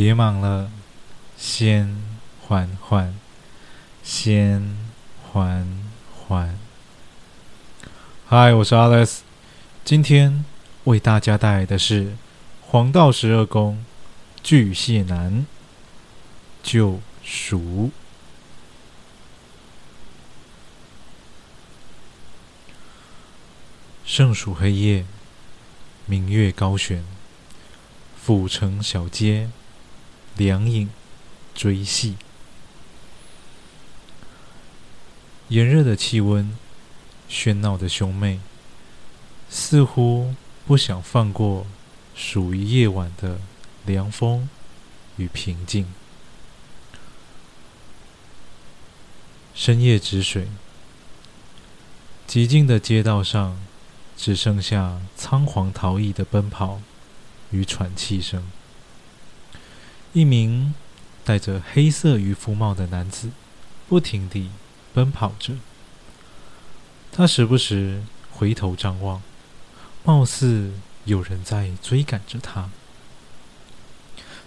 別忙了，先緩緩，先緩緩。嗨，我是 Alex，今天為大家帶來的是黃道十二宮巨蟹男救贖。盛暑黑夜，明月高懸，府城小街。兩影追戲，炎熱的氣溫，喧鬧的兄妹，似乎不想放過屬於夜晚的涼風與平靜。深夜止水，寂靜的街道上，只剩下倉皇逃逸的奔跑與喘氣聲。一名戴着黑色漁夫帽的男子不停地奔跑着，他時不時回頭張望，貌似有人在追趕着他，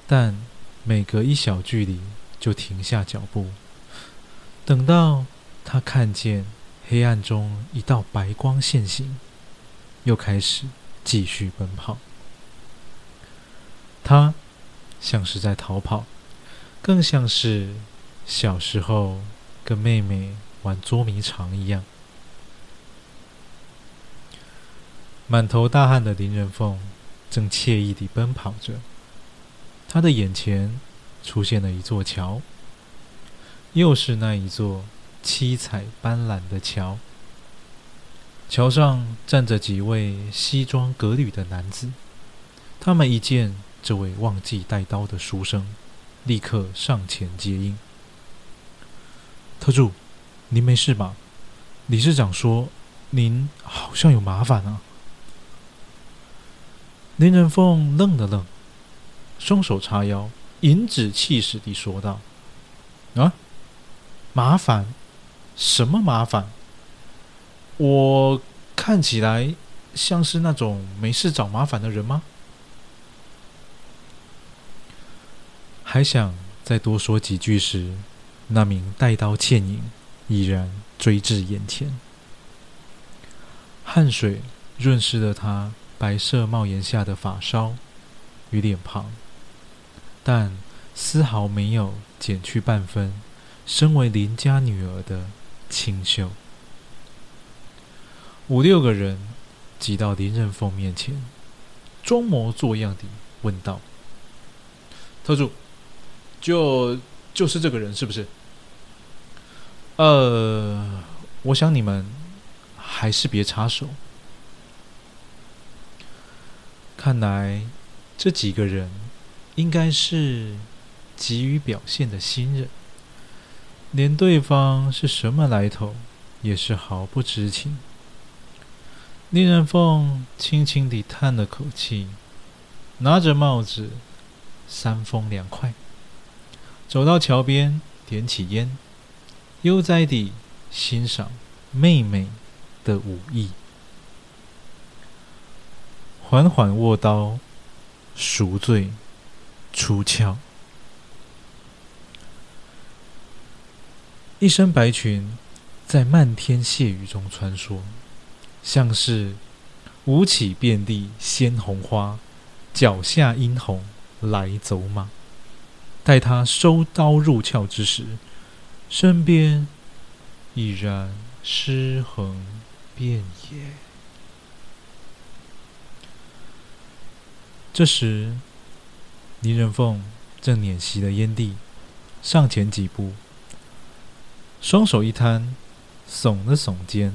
但每隔一小距離就停下腳步，等到他看見黑暗中一道白光現形，又開始繼續奔跑。他。像是在逃跑，更像是小時候跟妹妹玩捉迷藏一樣。滿頭大汗的林人鳳正愜意地奔跑着，他的眼前出現了一座橋，又是那一座七彩斑斕的橋。橋上站着幾位西裝革履的男子，他們一見。這位忘記帶刀的書生，立刻上前接應。特助，您沒事吧？理事長說您好像有麻煩啊。林人鳳愣了愣，雙手叉腰，頤指氣使地說道：“啊，麻煩？什麼麻煩？我看起來像是那種沒事找麻煩的人嗎？”還想再多說幾句時，那名帶刀倩影已然追至眼前，汗水潤濕了她白色帽檐下的髮梢與臉龐，但絲毫沒有減去半分身為林家女兒的清秀。五六個人擠到林人鳳面前，裝模作樣地問道：“特助。”就就是這個人，是不是？呃，我想你們還是別插手。看來這幾個人應該是急於表現的新人，連對方是什麼來頭也是毫不知情。林人鳳輕輕地嘆了口氣，拿着帽子搧風涼快。走到橋邊，點起菸，悠哉地欣賞妹妹的武藝。緩緩握刀，贖罪，出鞘。一身白裙在漫天血雨中穿梭，像是舞起遍地鮮紅花，腳下殷紅來走馬。待他收刀入鞘之時，身邊已然屍橫遍野。 這時，林人鳳正捻熄了菸蒂，上前幾步，雙手一攤，聳了聳肩，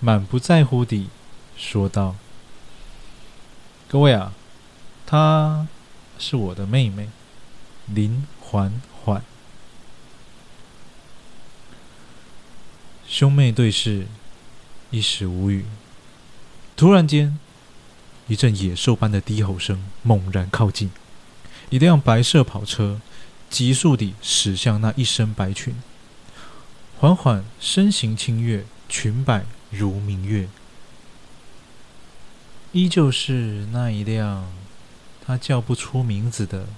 滿不在乎地說道 ：“各位啊，她是我的妹妹。”林緩緩，兄妹對視，一時無語。突然間，一陣野獸般的低吼聲猛然靠近，一輛白色跑車急速地駛向那一身白裙。緩緩身形輕躍，裙擺如明月，依舊是那一輛，他叫不出名字的。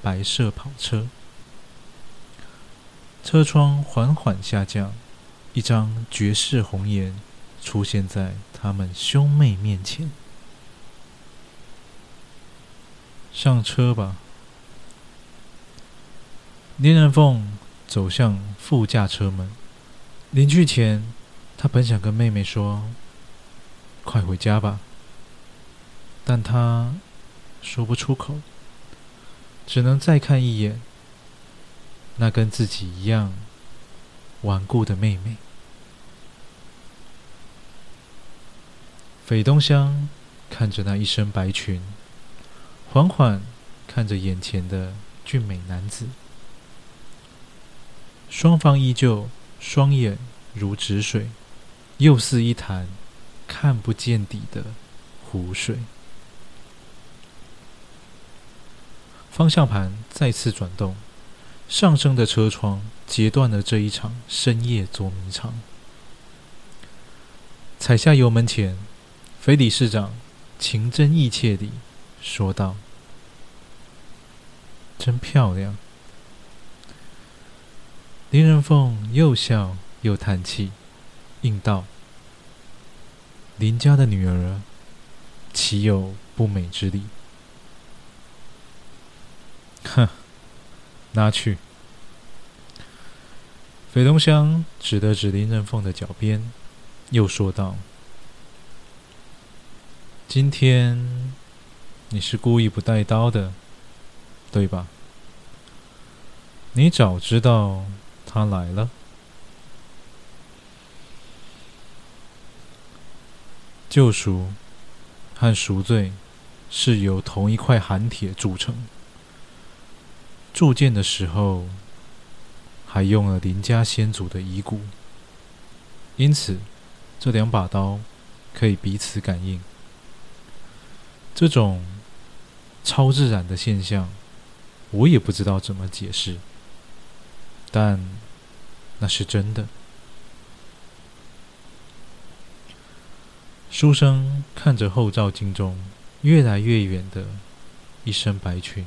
白色跑車，車窗緩緩下降，一張絕世紅顏出現在他們兄妹面前。上車吧，林人鳳走向副駕車門。臨去前，他本想跟妹妹說：“快回家吧。”但他說不出口。只能再看一眼，那跟自己一樣頑固的妹妹。斐東湘看着那一身白裙，緩緩看着眼前的俊美男子，雙方依舊雙眼如止水，又似一潭看不見底的湖水。方向盤再次轉動，上升的車窗截斷了這一場深夜捉迷藏。踩下油門前，斐理事長情真意切地說道：“真漂亮。”林人鳳又笑又嘆氣，應道：“林家的女兒，豈有不美之理？”哼，拿去。斐東湘指了指林人鳳的腳邊，又說道：“今天你是故意不帶刀的，對吧？你早知道她來了，救贖和贖罪是由同一塊寒鐵鑄成。”鑄劍的時候，還用了林家先祖的遺骨，因此這兩把刀可以彼此感應。這種超自然的現象，我也不知道怎麼解釋，但那是真的。書生看着後照鏡中越來越遠的一身白裙。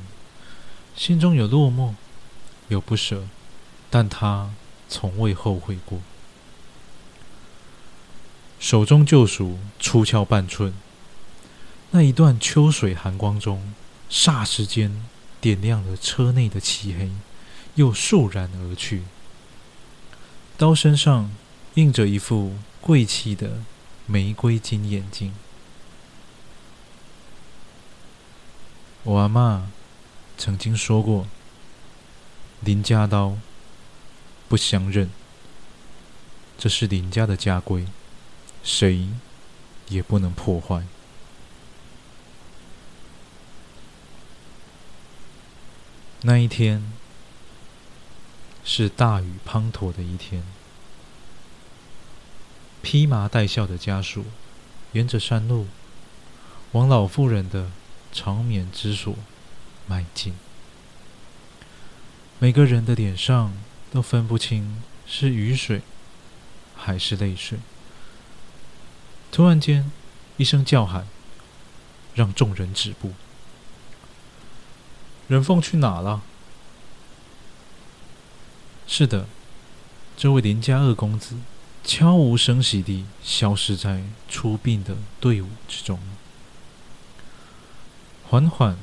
心中有落寞，有不捨，但他從未後悔過。手中救贖出鞘半吋，那一段秋水寒光中，霎時間點亮了車內的漆黑，又倏然而去。刀身上映着一副貴氣的玫瑰金眼鏡。我阿嬤。曾經說過：“林家刀不相刃，這是林家的家規，誰也不能破壞。”那一天是大雨滂沱的一天，披麻戴孝的家屬沿着山路往老婦人的長眠之所。邁進，每個人的臉上都分不清是雨水還是淚水。突然間，一聲叫喊，讓眾人止步。人鳳去哪了？是的，這位林家二公子悄無聲息地消失在出殯的隊伍之中，緩緩。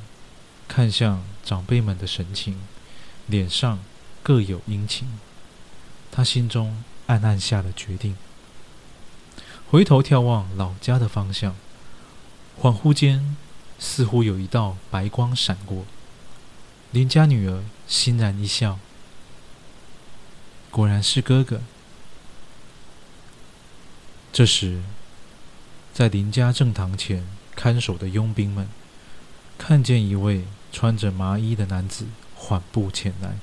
看向長輩們的神情，臉上各有陰晴。她心中暗暗下了決定，回頭眺望老家的方向，恍惚間似乎有一道白光閃過。林家女兒欣然一笑，果然是哥哥。這時，在林家正堂前看守的傭兵們看見一位。穿着麻衣的男子緩步前來，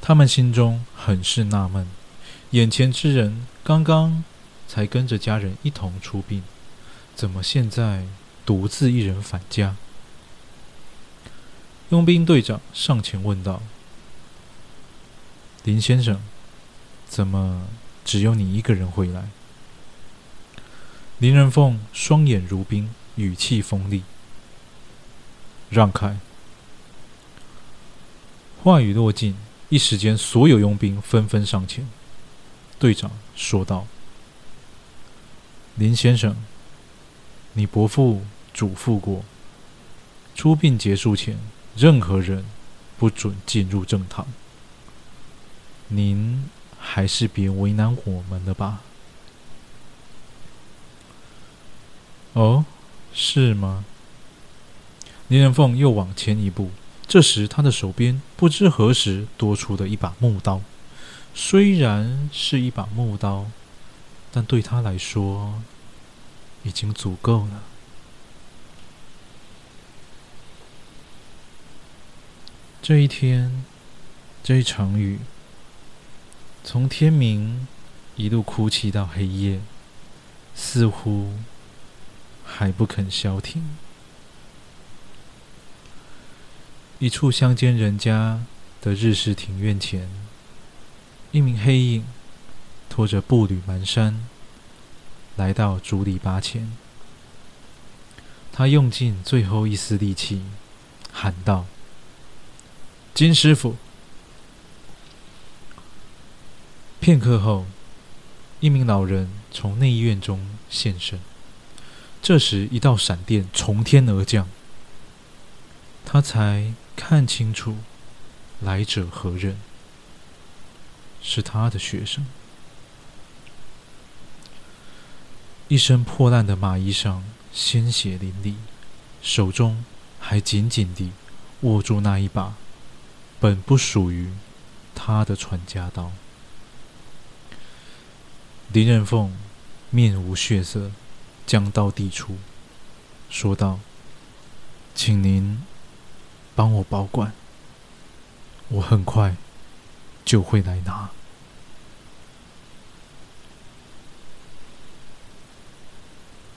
他們心中很是納悶：眼前之人剛剛才跟着家人一同出殯，怎麼現在獨自一人返家？傭兵隊長上前問道：“林先生，怎麼只有你一個人回來？”林人鳳雙眼如冰，語氣鋒利。讓開！話語落盡，一時間，所有傭兵紛紛上前。隊長說道：“林先生，你伯父囑咐過，出殯結束前，任何人不准進入正堂。您還是別為難我們了吧。”“哦，是嗎？”林人鳳又往前一步，這時他的手邊不知何時多出了一把木刀。雖然是一把木刀，但對他來說已經足夠了。這一天，這一場雨，從天明一路哭泣到黑夜，似乎還不肯消停。一處鄉間人家的日式庭院前，一名黑影拖着步履蹣跚來到竹籬笆前。他用盡最後一絲力氣喊道：“金師傅！”片刻後，一名老人從內院中現身。這時，一道閃電從天而降，他才。看清楚，來者何人？是他的學生。一身破爛的麻衣上鮮血淋漓，手中還緊緊地握住那一把本不屬於他的傳家刀。林人鳳面無血色，將刀遞出，說道：“請您。”幫我保管，我很快就會來拿。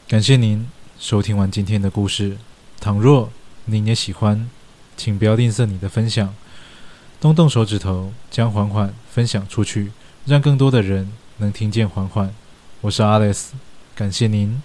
感謝您收聽完今天的故事，倘若您也喜歡，請不要吝嗇你的分享，動動手指頭將緩緩分享出去，讓更多的人能聽見緩緩。我是 Alice，感謝您。